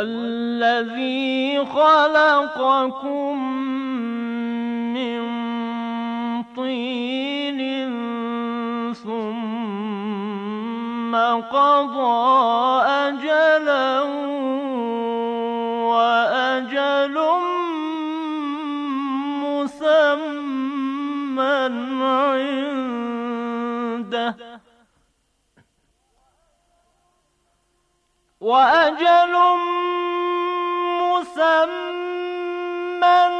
والذي خلقكم من طين ثم قضى أجلاً وأجل مسمى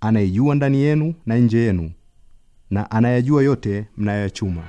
anayejua ndani yenu na nje yenu na anayajua yote mnayoyachuma.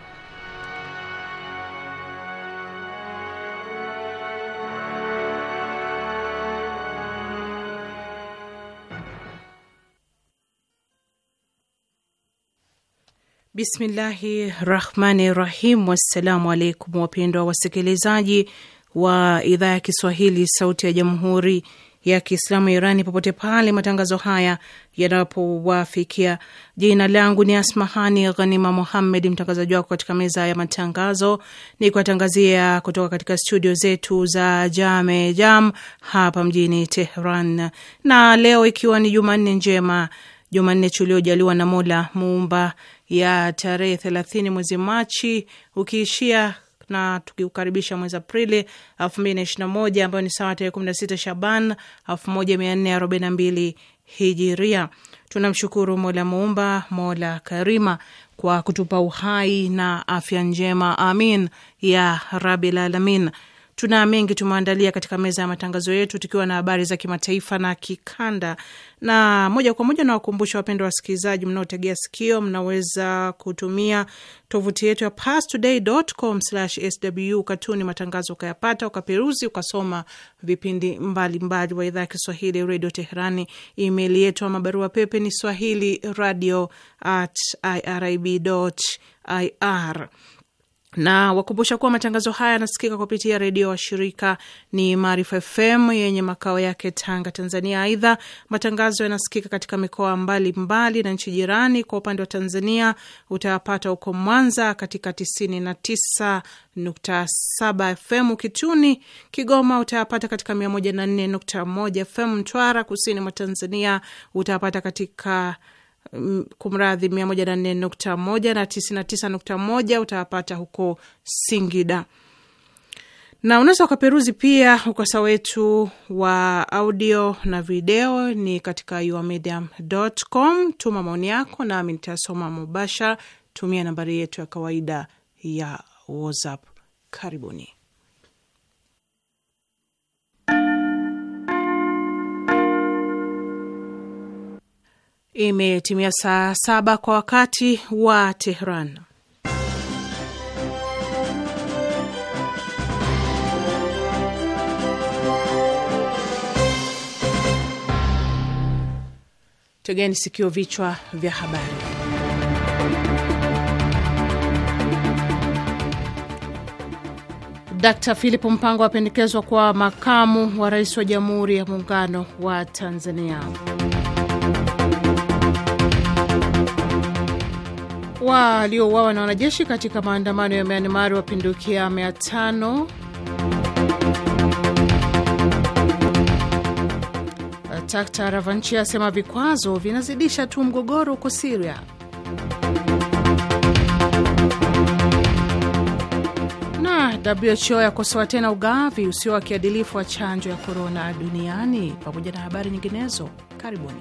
Bismillahi rahmani rahim. Wassalamu alaikum, wapendwa wasikilizaji wa idhaa ya Kiswahili, Sauti ya Jamhuri ya Kiislamu ya Irani popote pale matangazo haya yanapowafikia. Jina langu ni Asmahani Ghanima Muhammed, mtangazaji wako katika meza ya matangazo, ni kuwatangazia kutoka katika studio zetu za Jame Jam hapa mjini Tehran, na leo ikiwa ni Jumanne njema, Jumanne tuliojaliwa na Mola Muumba ya tarehe thelathini mwezi Machi ukiishia na tukiukaribisha mwezi Aprili elfu mbili na ishiri na moja ambayo ni sawa tarehe kumi na sita Shaban elfu moja mia nne arobaini na mbili hijiria. Tunamshukuru Mola Muumba, Mola Karima kwa kutupa uhai na afya njema, amin ya rabil alamin. Tuna mengi tumeandalia katika meza ya matangazo yetu, tukiwa na habari za kimataifa na kikanda, na moja kwa moja nawakumbusha wapendwa wasikilizaji mnaotegea sikio, mnaweza kutumia tovuti yetu ya pastoday.com/sw katuni matangazo ukayapata, ukaperuzi, ukasoma vipindi mbalimbali wa idhaa ya Kiswahili redio Teherani. Email yetu ama barua pepe ni swahili radio at na wakumbusha kuwa matangazo haya yanasikika kupitia redio wa shirika ni Maarifa FM yenye makao yake Tanga, Tanzania. Aidha, matangazo yanasikika katika mikoa mbalimbali na nchi jirani. Kwa upande wa Tanzania utayapata huko Mwanza katika 99.7 FM, Kituni. Kigoma utayapata katika 104.1 FM. Mtwara, kusini mwa Tanzania, utayapata katika Mm, kumradhi, mia moja na nne nukta moja na tisini na tisa nukta moja utawapata huko Singida na unaweza ukaperuzi pia ukurasa wetu wa audio na video ni katika yourmedium.com. Tuma maoni yako nami nitasoma mubashara. Tumia nambari yetu ya kawaida ya WhatsApp. Karibuni. Imetimia saa saba kwa wakati wa Tehran. Tegeni sikio, vichwa vya habari. Dkt Philip Mpango apendekezwa kuwa makamu wa rais wa Jamhuri ya Muungano wa Tanzania. waliouawa na wanajeshi katika maandamano ya Myanmar wapindukia mia tano. Takta Ravanchi asema vikwazo vinazidisha tu mgogoro huko Siria, na WHO yakosoa tena ugavi usio wa kiadilifu wa chanjo ya korona duniani, pamoja na habari nyinginezo. Karibuni.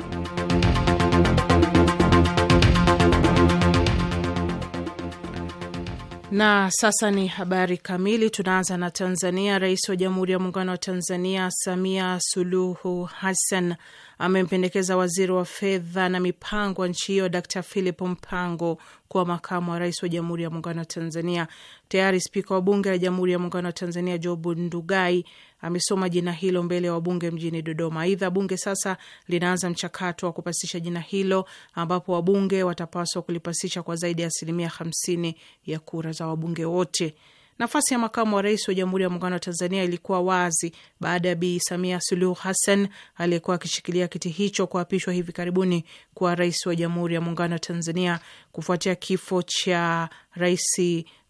Na sasa ni habari kamili. Tunaanza na Tanzania. Rais wa Jamhuri ya Muungano wa Tanzania Samia Suluhu Hassan amempendekeza waziri wa fedha na mipango ya nchi hiyo Dr Philip Mpango kuwa makamu wa rais wa Jamhuri ya Muungano wa Tanzania. Tayari spika wa Bunge la Jamhuri ya Muungano wa Tanzania jobu Ndugai amesoma jina hilo mbele ya wabunge mjini Dodoma. Aidha, bunge sasa linaanza mchakato wa kupasisha jina hilo ambapo wabunge watapaswa kulipasisha kwa zaidi ya asilimia hamsini ya kura za wabunge wote. Nafasi ya makamu wa rais wa Jamhuri ya Muungano wa Tanzania ilikuwa wazi baada ya Bi Samia Suluhu Hassan aliyekuwa akishikilia kiti hicho kuapishwa hivi karibuni kuwa rais wa Jamhuri ya Muungano wa Tanzania kufuatia kifo cha rais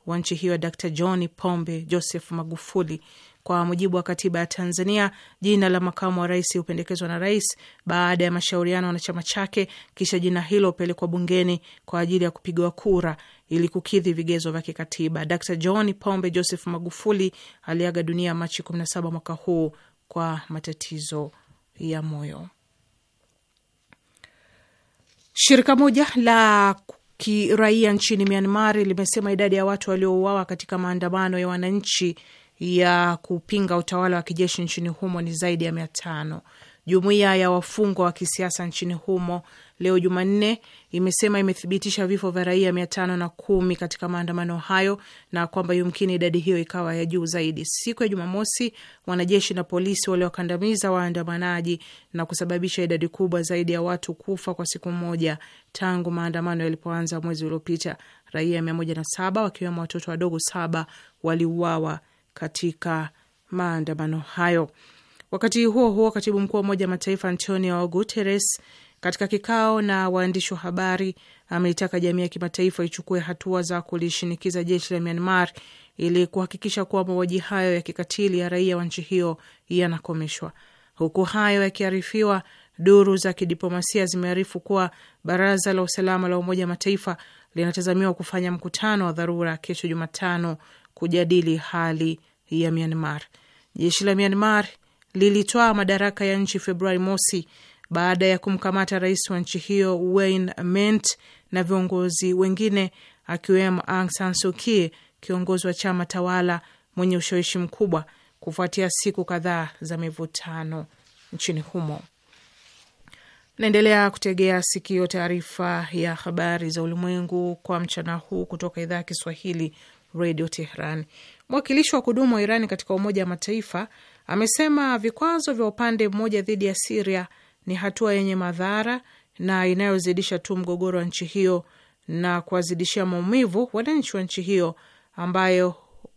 wa nchi hiyo Dr John Pombe Joseph Magufuli. Kwa mujibu wa katiba ya Tanzania, jina la makamu wa rais hupendekezwa na rais baada ya mashauriano na chama chake, kisha jina hilo hupelekwa bungeni kwa ajili ya kupigiwa kura ili kukidhi vigezo vya kikatiba. Dr John Pombe Joseph Magufuli aliaga dunia Machi 17 mwaka huu kwa matatizo ya moyo. Shirika moja la kiraia nchini Myanmar limesema idadi ya watu waliouawa katika maandamano ya wananchi ya kupinga utawala wa kijeshi nchini humo ni zaidi ya mia tano. Jumuiya ya wafungwa wa kisiasa nchini humo leo Jumanne imesema imethibitisha vifo vya raia mia tano na kumi katika maandamano hayo na kwamba yumkini idadi hiyo ikawa ya juu zaidi. Siku ya Jumamosi, wanajeshi na polisi waliwakandamiza waandamanaji na kusababisha idadi kubwa zaidi ya watu kufa kwa siku moja tangu maandamano yalipoanza mwezi uliopita. Raia mia moja na saba wakiwemo watoto wadogo saba waliuawa katika maandamano hayo. Wakati huo huo, katibu mkuu wa Umoja Mataifa Antonio Guterres katika kikao na waandishi wa habari ameitaka jamii ya kimataifa ichukue hatua za kulishinikiza jeshi la Myanmar ili kuhakikisha kuwa mauaji hayo ya kikatili ya raia wa nchi hiyo yanakomeshwa. Huku hayo yakiarifiwa, duru za kidiplomasia zimearifu kuwa baraza la usalama la Umoja Mataifa linatazamiwa kufanya mkutano wa dharura kesho Jumatano kujadili hali ya Myanmar. Jeshi la Myanmar lilitoa madaraka ya nchi Februari mosi baada ya kumkamata rais wa nchi hiyo Win Mint na viongozi wengine akiwemo Aung San Suu Kyi, kiongozi wa chama tawala mwenye ushawishi mkubwa, kufuatia siku kadhaa za mivutano nchini humo. Naendelea kutegea sikio taarifa ya habari za ulimwengu kwa mchana huu kutoka idhaa ya Kiswahili Redio Tehran. Mwakilishi wa kudumu wa iran katika Umoja wa Mataifa amesema vikwazo vya upande mmoja dhidi ya Siria ni hatua yenye madhara na inayozidisha tu mgogoro wa nchi hiyo na kuwazidishia maumivu wananchi wa nchi hiyo ambayo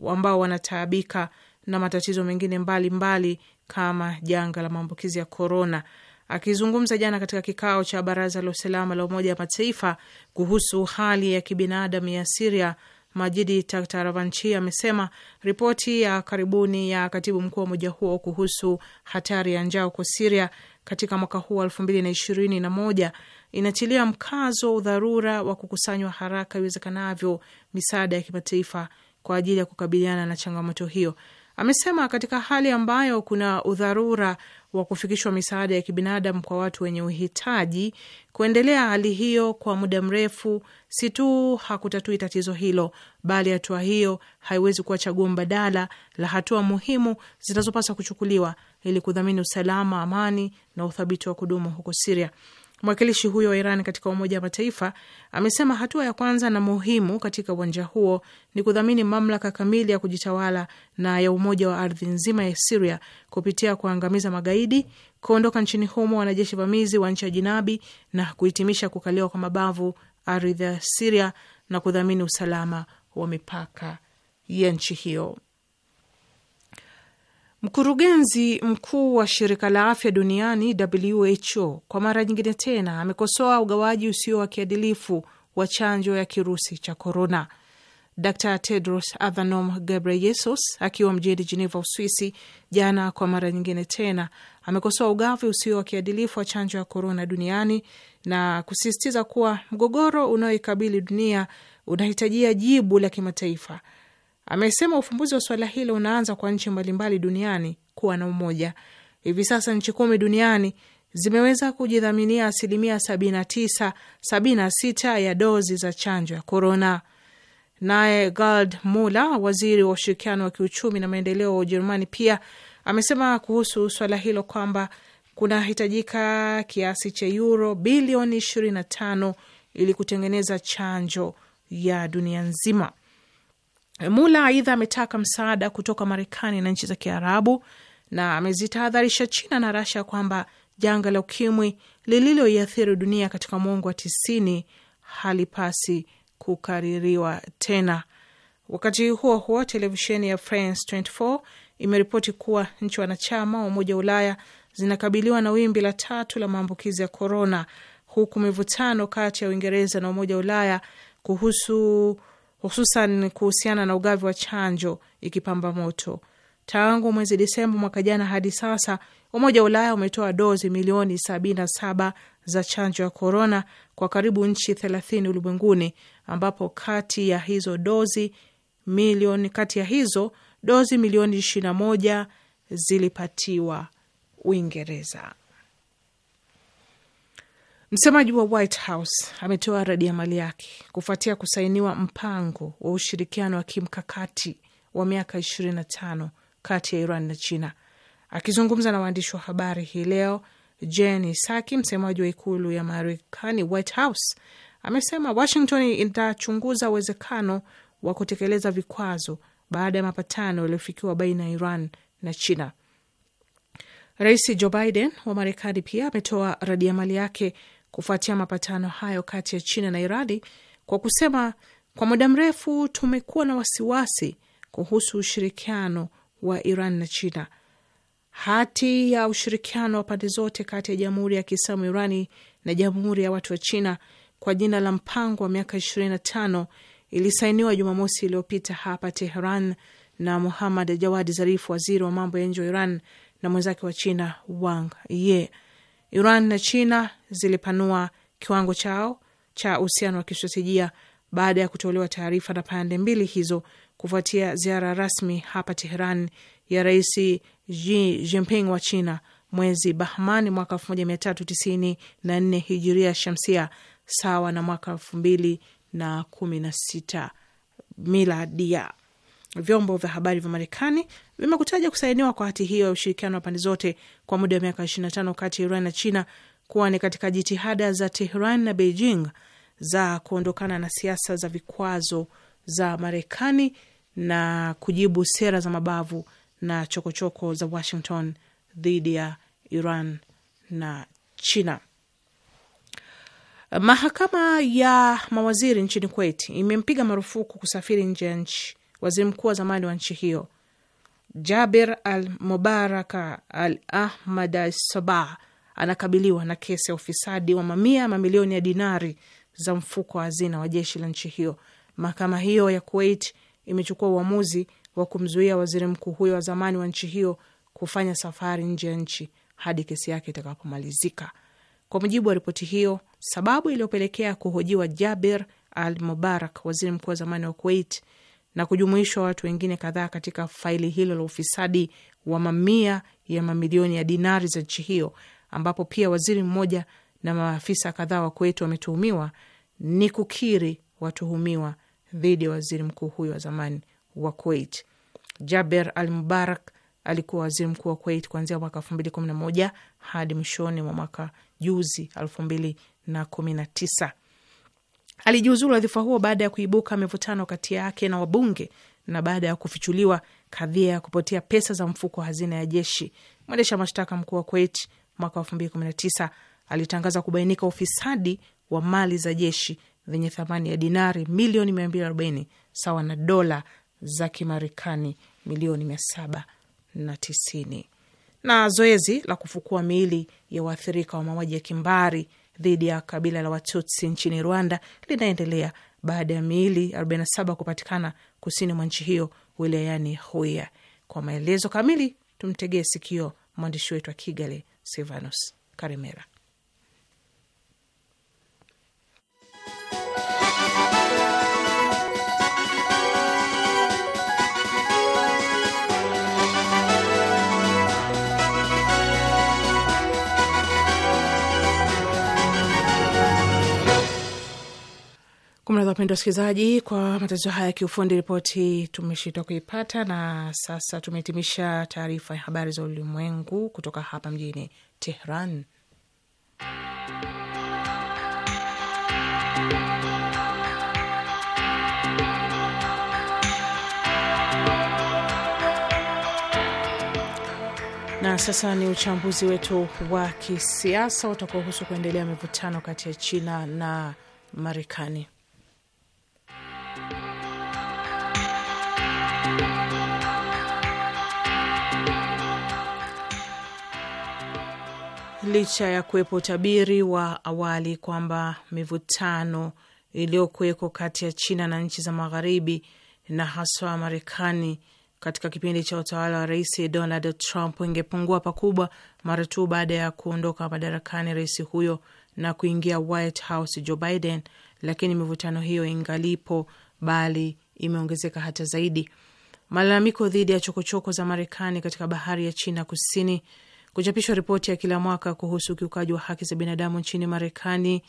ambao wanataabika na matatizo mengine mbalimbali mbali kama janga la maambukizi ya korona. Akizungumza jana katika kikao cha baraza la usalama la Umoja wa Mataifa kuhusu hali ya kibinadamu ya Siria, Majidi Taktaravanchi amesema ripoti ya karibuni ya katibu mkuu wa umoja huo kuhusu hatari ya njaa huko Siria katika mwaka huu wa elfu mbili na ishirini na moja inatilia mkazo udharura wa kukusanywa haraka iwezekanavyo misaada ya kimataifa kwa ajili ya kukabiliana na changamoto hiyo. Amesema katika hali ambayo kuna udharura wa kufikishwa misaada ya kibinadamu kwa watu wenye uhitaji, kuendelea hali hiyo kwa muda mrefu si tu hakutatui tatizo hilo, bali hatua hiyo haiwezi kuwa chaguo mbadala la hatua muhimu zinazopaswa kuchukuliwa ili kudhamini usalama, amani na uthabiti wa kudumu huko Siria. Mwakilishi huyo wa Iran katika Umoja wa Mataifa amesema hatua ya kwanza na muhimu katika uwanja huo ni kudhamini mamlaka kamili ya kujitawala na ya umoja wa ardhi nzima ya Siria kupitia kuangamiza magaidi, kuondoka nchini humo wanajeshi vamizi wa nchi ya jinabi na kuhitimisha kukaliwa kwa mabavu ardhi ya Siria na kudhamini usalama wa mipaka ya nchi hiyo. Mkurugenzi mkuu wa shirika la afya duniani WHO kwa mara nyingine tena amekosoa ugawaji usio wa kiadilifu wa chanjo ya kirusi cha korona. Dr Tedros Adhanom Ghebreyesus akiwa mjini Geneva, Uswisi jana, kwa mara nyingine tena amekosoa ugavi usio wa kiadilifu wa chanjo ya korona duniani na kusisitiza kuwa mgogoro unaoikabili dunia unahitajia jibu la kimataifa Amesema ufumbuzi wa swala hilo unaanza kwa nchi mbalimbali duniani kuwa na umoja. Hivi sasa nchi kumi duniani zimeweza kujidhaminia asilimia 79 76 ya dozi za chanjo ya korona. Naye Gerd Muller, waziri wa ushirikiano wa kiuchumi na maendeleo wa Ujerumani, pia amesema kuhusu swala hilo kwamba kunahitajika kiasi cha yuro bilioni 25 ili kutengeneza chanjo ya dunia nzima. Mula aidha ametaka msaada kutoka Marekani na nchi za Kiarabu na amezitahadharisha China na Rasha kwamba janga la ukimwi lililoiathiri dunia katika mwongo wa tisini halipasi kukaririwa tena. Wakati huo huo, televisheni ya France 24 imeripoti kuwa nchi wanachama wa Umoja wa Ulaya zinakabiliwa na wimbi la tatu la maambukizi ya korona, huku mivutano kati ya Uingereza na Umoja wa Ulaya kuhusu hususan kuhusiana na ugavi wa chanjo ikipamba moto. Tangu mwezi Desemba mwaka jana hadi sasa, Umoja wa Ulaya umetoa dozi milioni 77 za chanjo ya korona kwa karibu nchi 30 ulimwenguni, ambapo kati ya hizo dozi milioni kati ya hizo dozi milioni 21 zilipatiwa Uingereza. Msemaji wa White House ametoa radi ya mali yake kufuatia kusainiwa mpango wa ushirikiano wa kimkakati wa miaka 25 kati ya Iran na China. Akizungumza na waandishi wa habari hii leo, Jen saki msemaji wa ikulu ya Marekani, White House, amesema Washington itachunguza uwezekano wa kutekeleza vikwazo baada ya mapatano yaliyofikiwa baina ya Iran na China. Rais Joe Biden wa Marekani pia ametoa radiamali yake kufuatia mapatano hayo kati ya China na Irani kwa kusema, kwa muda mrefu tumekuwa na wasiwasi kuhusu ushirikiano wa Iran na China. Hati ya ushirikiano wa pande zote kati ya Jamhuri ya Kiislamu Irani na Jamhuri ya Watu wa China kwa jina la mpango wa miaka 25 ilisainiwa Jumamosi iliyopita hapa Teheran na Muhammad Jawadi Zarif, waziri wa mambo ya nje wa Iran na mwenzake wa China Wang Ye. Iran na China zilipanua kiwango chao cha uhusiano wa kistratejia baada ya kutolewa taarifa na pande mbili hizo kufuatia ziara rasmi hapa Teheran ya Rais Xi Jinping wa China mwezi Bahman mwaka nne hijiria shamsia sawa na mwaka sita miladia. Vyombo vya habari vya Marekani vimekutaja kusainiwa kwa hati hiyo ya ushirikiano wa pande zote kwa muda wa miaka 25 kati ya Iran na China kuwa ni katika jitihada za Tehran na Beijing za kuondokana na siasa za vikwazo za Marekani na kujibu sera za mabavu na chokochoko choko za Washington dhidi ya Iran na China. Mahakama ya mawaziri nchini Kuwait imempiga marufuku kusafiri nje ya nchi waziri mkuu wa zamani wa nchi hiyo Jaber Al Mubaraka Al Ahmad Al Sabah anakabiliwa na kesi ya ufisadi wa mamia mamilioni ya dinari za mfuko wa hazina wa jeshi la nchi hiyo. Mahakama hiyo ya Kuwait imechukua uamuzi wa kumzuia waziri mkuu huyo wa zamani wa nchi hiyo kufanya safari nje ya nchi hadi kesi yake itakapomalizika. Kwa mujibu wa ripoti hiyo, sababu iliyopelekea kuhojiwa Jaber Al Mubarak, waziri mkuu wa zamani wa Kuwait, na kujumuishwa watu wengine kadhaa katika faili hilo la ufisadi wa mamia ya mamilioni ya dinari za nchi hiyo, ambapo pia waziri mmoja na maafisa kadhaa wa Kuwait wametuhumiwa, ni kukiri watuhumiwa dhidi ya waziri mkuu huyo wa zamani wa Kuwait. Jaber Al Mubarak alikuwa waziri mkuu wa Kuwait kuanzia mwaka elfu mbili kumi na moja hadi mwishoni mwa mwaka juzi elfu mbili na kumi na tisa. Alijiuzulu wadhifa huo baada ya kuibuka mivutano kati yake na wabunge na baada ya kufichuliwa kadhia ya kupotea pesa za mfuko wa hazina ya jeshi. Mwendesha mashtaka mkuu wa Kuwait mwaka elfu mbili kumi na tisa alitangaza kubainika ufisadi wa mali za jeshi zenye thamani ya dinari milioni mia mbili arobaini sawa na dola za Kimarekani milioni mia saba na tisini. Na zoezi la kufukua miili ya waathirika wa mauaji ya kimbari dhidi ya kabila la Watutsi nchini Rwanda linaendelea baada ya miili 47 kupatikana kusini mwa nchi hiyo wilayani Huya. Kwa maelezo kamili, tumtegee sikio mwandishi wetu wa Kigali, Silvanus Karimera. Kumradhi wapendwa wasikilizaji kwa matatizo haya ya kiufundi, ripoti tumeshindwa kuipata. Na sasa tumehitimisha taarifa ya habari za ulimwengu kutoka hapa mjini Tehran. Na sasa ni uchambuzi wetu wa kisiasa utakuwa husu kuendelea mivutano kati ya China na Marekani. licha ya kuwepo utabiri wa awali kwamba mivutano iliyokuweko kati ya China na nchi za Magharibi na haswa Marekani katika kipindi cha utawala wa Rais Donald Trump ingepungua pakubwa mara tu baada ya kuondoka madarakani rais huyo na kuingia White House Joe Biden, lakini mivutano hiyo ingalipo, bali imeongezeka hata zaidi. Malalamiko dhidi ya chokochoko za Marekani katika bahari ya China Kusini kuchapishwa ripoti ya kila mwaka kuhusu ukiukaji wa haki za binadamu nchini Marekani,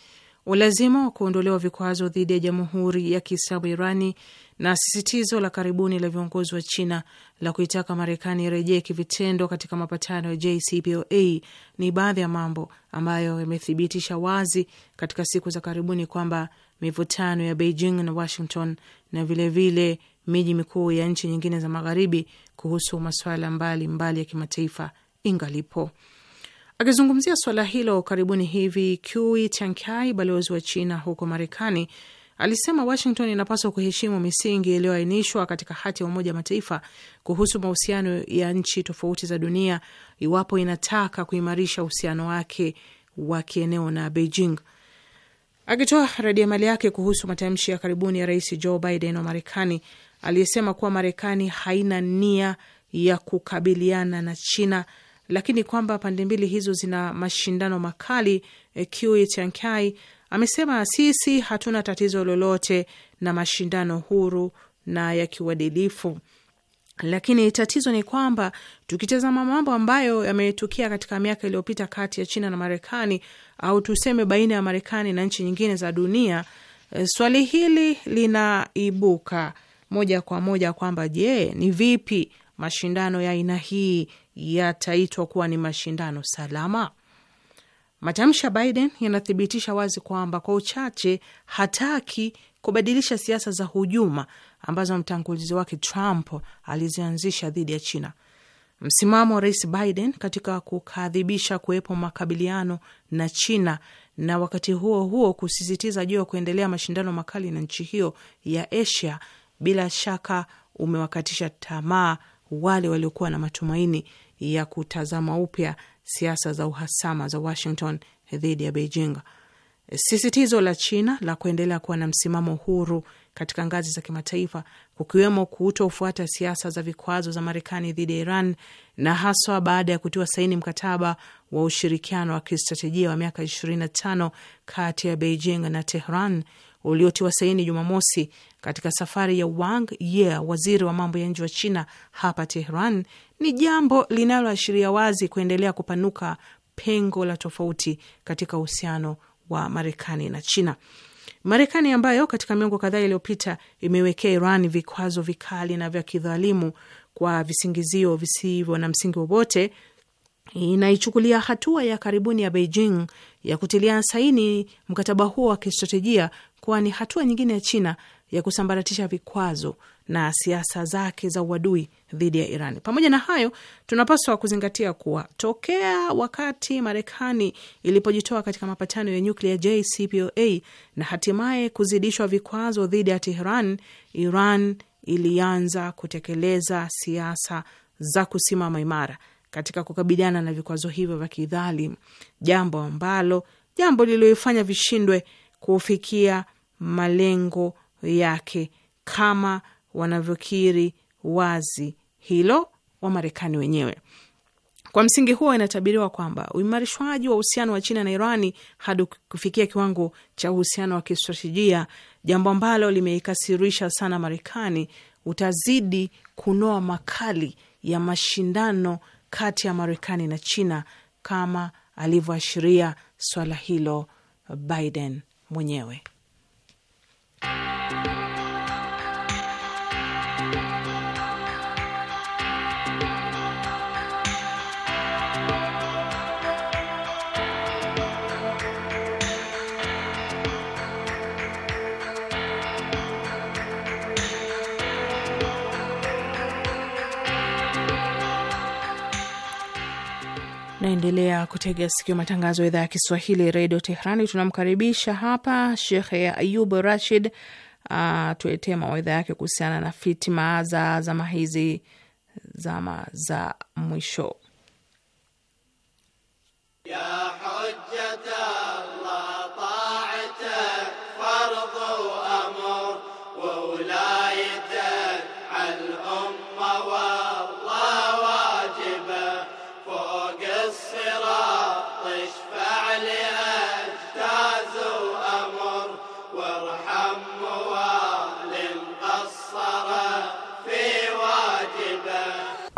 ulazima wa kuondolewa vikwazo dhidi ya Jamhuri ya Kiislamu Irani na sisitizo la karibuni la viongozi wa China la kuitaka Marekani irejee kivitendo katika mapatano ya JCPOA ni baadhi ya mambo ambayo yamethibitisha wazi katika siku za karibuni kwamba mivutano ya Beijing na Washington na vilevile miji mikuu ya nchi nyingine za magharibi kuhusu masuala mbalimbali ya kimataifa ingalipo. Akizungumzia swala hilo karibuni hivi, Kui Tiankai, balozi wa China huko Marekani, alisema Washington inapaswa kuheshimu misingi iliyoainishwa katika hati ya Umoja Mataifa kuhusu mahusiano ya nchi tofauti za dunia iwapo inataka kuimarisha uhusiano wake wa kieneo na Beijing. Akitoa radia mali yake kuhusu matamshi ya karibuni ya Rais Joe Biden wa Marekani aliyesema kuwa Marekani haina nia ya kukabiliana na China lakini kwamba pande mbili hizo zina mashindano makali. E, eh, Kiu amesema sisi hatuna tatizo lolote na mashindano huru na ya kiuadilifu, lakini tatizo ni kwamba tukitazama mambo ambayo yametukia katika miaka iliyopita kati ya China na Marekani au tuseme baina ya Marekani na nchi nyingine za dunia, eh, swali hili linaibuka moja kwa moja kwamba je, ni vipi mashindano ya aina hii yataitwa kuwa ni mashindano salama. Matamshi ya Biden yanathibitisha wazi kwamba kwa uchache hataki kubadilisha siasa za hujuma ambazo mtangulizi wake Trump alizianzisha dhidi ya China. Msimamo wa rais Biden katika kukadhibisha kuwepo makabiliano na China na wakati huo huo kusisitiza juu ya kuendelea mashindano makali na nchi hiyo ya Asia bila shaka umewakatisha tamaa wale waliokuwa na matumaini ya kutazama upya siasa za uhasama za Washington dhidi ya Beijing. Sisitizo la China la kuendelea kuwa na msimamo huru katika ngazi za kimataifa, kukiwemo kutofuata siasa za vikwazo za Marekani dhidi ya Iran, na haswa baada ya kutiwa saini mkataba wa ushirikiano wa kistratejia wa miaka 25 kati ya Beijing na Tehran uliotiwa saini Jumamosi katika safari ya Wang Ye, waziri wa mambo ya nje wa China hapa Tehran, ni jambo linaloashiria wazi kuendelea kupanuka pengo la tofauti katika uhusiano wa Marekani na China. Marekani ambayo katika miongo kadhaa iliyopita imewekea Iran vikwazo vikali na vya kidhalimu kwa visingizio visivyo na msingi wowote, inaichukulia hatua ya karibuni ya Beijing ya kutilia saini mkataba huo wa kistratejia kuwa ni hatua nyingine ya China ya kusambaratisha vikwazo na siasa zake za uadui dhidi ya Iran. Pamoja na hayo, tunapaswa kuzingatia kuwa tokea wakati Marekani ilipojitoa katika mapatano ya nyuklia JCPOA na hatimaye kuzidishwa vikwazo dhidi ya Tehran, Iran ilianza kutekeleza siasa za kusimama imara katika kukabiliana na vikwazo hivyo vya kidhalimu, jambo ambalo jambo lililoifanya vishindwe kufikia malengo yake kama wanavyokiri wazi hilo wa marekani wenyewe. Kwa msingi huo, inatabiriwa kwamba uimarishwaji wa uhusiano wa China na Irani hadi kufikia kiwango cha uhusiano wa kistratejia, jambo ambalo limeikasirisha sana Marekani, utazidi kunoa makali ya mashindano kati ya Marekani na China kama alivyoashiria swala hilo Biden mwenyewe. Naendelea kutega sikio matangazo ya idhaa ya Kiswahili redio Tehrani. Tunamkaribisha hapa Shekhe Ayub Rashid atuetee mawaidha yake kuhusiana na fitima za zama hizi, zama za mwisho ya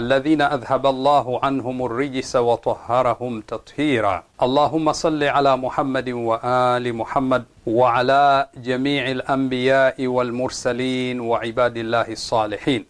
الذين أذهب الله عنهم الرجس وطهرهم تطهيرا اللهم صل على محمد وآل محمد وعلى جميع الأنبياء walmursalin وعباد الله الصالحين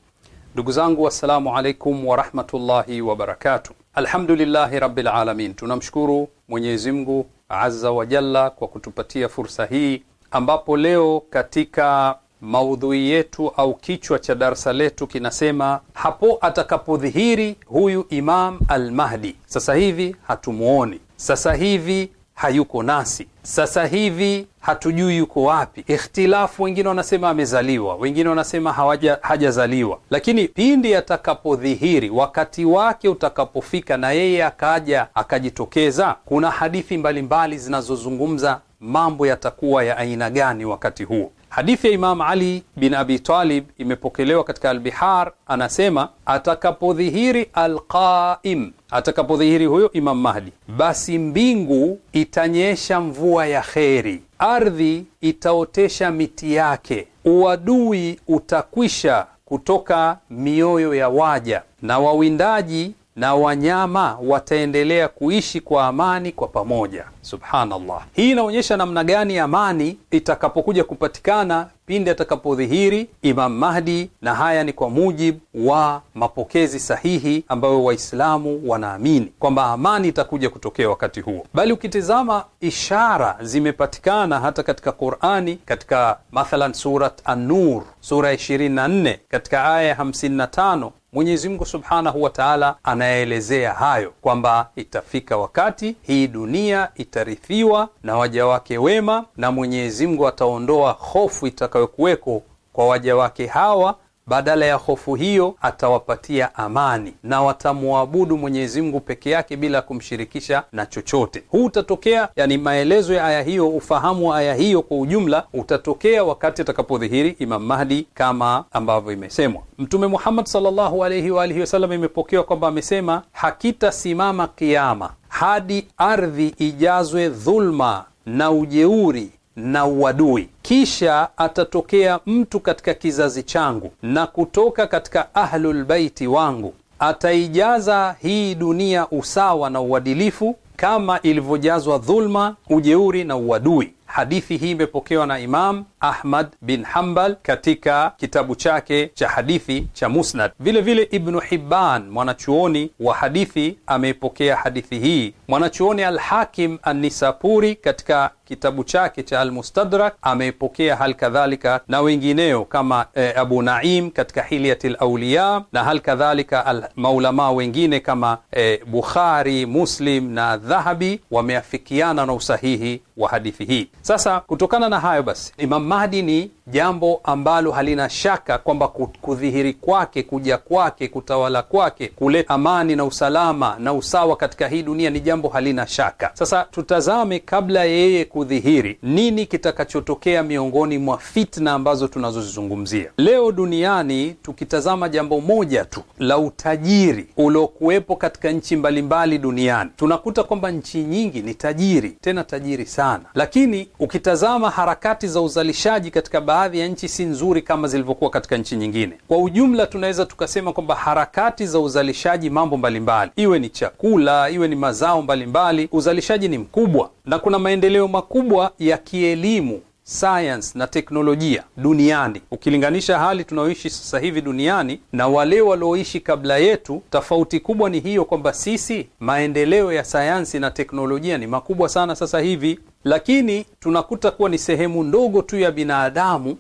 ndugu zangu wassalamu alaikum warahmatullahi wabarakatu alhamdulillahi rabilalamin tunamshukuru mwenyezi mungu aza wa jalla kwa kutupatia fursa hii ambapo leo katika Maudhui yetu au kichwa cha darsa letu kinasema hapo atakapodhihiri huyu Imam al-Mahdi. Sasa hivi hatumuoni, sasa hivi hayuko nasi, sasa hivi hatujui yuko wapi. Ikhtilafu, wengine wanasema amezaliwa, wengine wanasema hawaja, hajazaliwa. Lakini pindi atakapodhihiri, wakati wake utakapofika, na yeye akaja akajitokeza, kuna hadithi mbalimbali zinazozungumza mambo yatakuwa ya aina gani wakati huo. Hadithi ya Imam Ali bin Abi Talib imepokelewa katika Albihar, anasema atakapodhihiri Alqaim, atakapodhihiri huyo Imam Mahdi, basi mbingu itanyesha mvua ya kheri, ardhi itaotesha miti yake, uadui utakwisha kutoka mioyo ya waja na wawindaji na wanyama wataendelea kuishi kwa amani kwa pamoja. Subhanallah, hii inaonyesha namna gani amani itakapokuja kupatikana pindi atakapodhihiri Imam Mahdi, na haya ni kwa mujibu wa mapokezi sahihi ambayo Waislamu wanaamini kwamba amani itakuja kutokea wakati huo. Bali ukitizama ishara zimepatikana hata katika Qurani, katika mathalan Surat An-Nur sura 24 katika aya 55 Mwenyezi Mungu subhanahu wa taala anayeelezea hayo kwamba itafika wakati hii dunia itarithiwa na waja wake wema, na Mwenyezi Mungu ataondoa hofu itakayokuweko kwa waja wake hawa badala ya hofu hiyo atawapatia amani na watamwabudu Mwenyezi Mungu peke yake bila kumshirikisha na chochote. Huu utatokea, yani maelezo ya aya hiyo, ufahamu wa aya hiyo kwa ujumla utatokea wakati atakapodhihiri Imam Mahdi kama ambavyo imesemwa. Mtume Muhammad sallallahu wa alihi wasallam, imepokewa kwamba amesema, hakitasimama kiama hadi ardhi ijazwe dhulma na ujeuri na uadui. Kisha atatokea mtu katika kizazi changu na kutoka katika ahlulbaiti wangu, ataijaza hii dunia usawa na uadilifu, kama ilivyojazwa dhulma, ujeuri na uadui. Hadithi hii imepokewa na Imam Ahmad bin hambal katika kitabu chake cha hadithi cha Musnad. Vile vile Ibnu Hibban, mwanachuoni wa hadithi, ameipokea hadithi hii. Mwanachuoni Alhakim anisapuri katika kitabu chake cha Almustadrak ameipokea hal kadhalika, na wengineo kama e, Abu Naim katika Hilyati Lauliya, na hal kadhalika maulamaa wengine kama e, Bukhari, Muslim na Dhahabi wameafikiana na usahihi wa hadithi hii. Sasa kutokana na hayo basi, Imam Mahdi ni jambo ambalo halina shaka kwamba kudhihiri kwake, kuja kwake, kutawala kwake, kuleta amani na usalama na usawa katika hii dunia ni jambo halina shaka. Sasa tutazame kabla yeye kudhihiri, nini kitakachotokea miongoni mwa fitna ambazo tunazozizungumzia leo duniani. Tukitazama jambo moja tu la utajiri uliokuwepo katika nchi mbalimbali duniani, tunakuta kwamba nchi nyingi ni tajiri, tena tajiri sana sana, lakini ukitazama harakati za uzalishaji katika baadhi ya nchi si nzuri kama zilivyokuwa katika nchi nyingine. Kwa ujumla, tunaweza tukasema kwamba harakati za uzalishaji mambo mbalimbali, iwe ni chakula, iwe ni mazao mbalimbali mbali, uzalishaji ni mkubwa na kuna maendeleo makubwa ya kielimu sayansi na teknolojia duniani. Ukilinganisha hali tunayoishi sasa hivi duniani na wale walioishi kabla yetu, tofauti kubwa ni hiyo kwamba sisi, maendeleo ya sayansi na teknolojia ni makubwa sana sasa hivi lakini tunakuta kuwa ni sehemu ndogo tu ya binadamu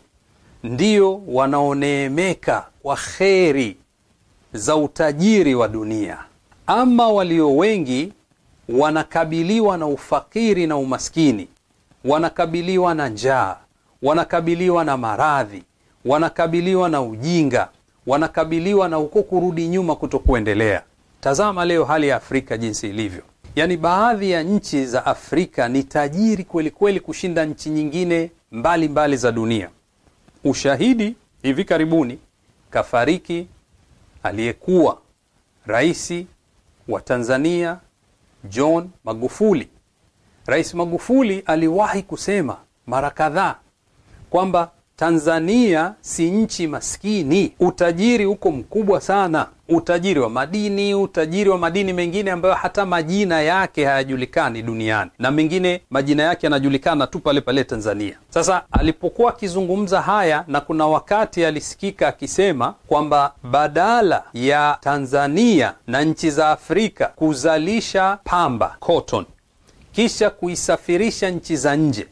ndiyo wanaoneemeka kwa kheri za utajiri wa dunia. Ama walio wengi wanakabiliwa na ufakiri na umaskini, wanakabiliwa na njaa, wanakabiliwa na maradhi, wanakabiliwa na ujinga, wanakabiliwa na uko kurudi nyuma, kutokuendelea. Tazama leo hali ya Afrika jinsi ilivyo yani baadhi ya nchi za Afrika ni tajiri kweli kweli kushinda nchi nyingine mbalimbali mbali za dunia. Ushahidi hivi karibuni kafariki aliyekuwa rais wa Tanzania John Magufuli. Rais Magufuli aliwahi kusema mara kadhaa kwamba Tanzania si nchi maskini, utajiri uko mkubwa sana utajiri wa madini, utajiri wa madini mengine ambayo hata majina yake hayajulikani duniani, na mengine majina yake yanajulikana tu pale pale Tanzania. Sasa alipokuwa akizungumza haya, na kuna wakati alisikika akisema kwamba badala ya Tanzania na nchi za Afrika kuzalisha pamba cotton, kisha kuisafirisha nchi za nje,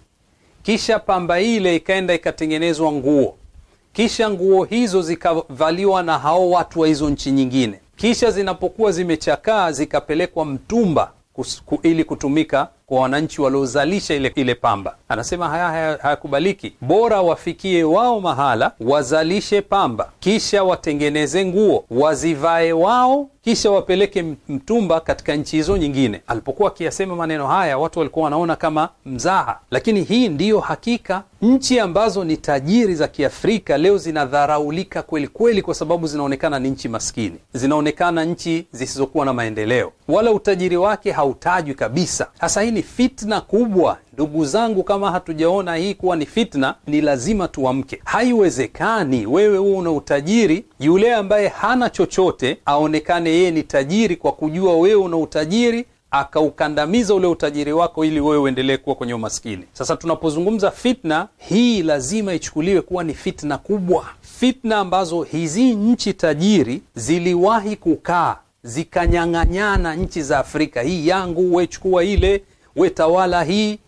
kisha pamba ile ikaenda ikatengenezwa nguo kisha nguo hizo zikavaliwa na hao watu wa hizo nchi nyingine, kisha zinapokuwa zimechakaa zikapelekwa mtumba Kusiku ili kutumika kwa wananchi waliozalisha ile, ile pamba. Anasema haya hayakubaliki, haya bora wafikie wao mahala wazalishe pamba, kisha watengeneze nguo wazivae wao kisha wapeleke mtumba katika nchi hizo nyingine. Alipokuwa akiyasema maneno haya, watu walikuwa wanaona kama mzaha, lakini hii ndiyo hakika. Nchi ambazo ni tajiri za Kiafrika leo zinadharaulika kweli kweli, kwa sababu zinaonekana ni nchi maskini, zinaonekana nchi zisizokuwa na maendeleo, wala utajiri wake hautajwi kabisa. Hasa hii ni fitna kubwa Ndugu zangu, kama hatujaona hii kuwa ni fitna, ni lazima tuamke. Haiwezekani wewe huo una utajiri, yule ambaye hana chochote aonekane yeye ni tajiri kwa kujua wewe una utajiri akaukandamiza ule utajiri wako ili wewe uendelee kuwa kwenye umaskini. Sasa tunapozungumza fitna hii, lazima ichukuliwe kuwa ni fitna kubwa, fitna ambazo hizi nchi tajiri ziliwahi kukaa zikanyang'anyana nchi za Afrika, hii yangu, we chukua ile, we tawala hii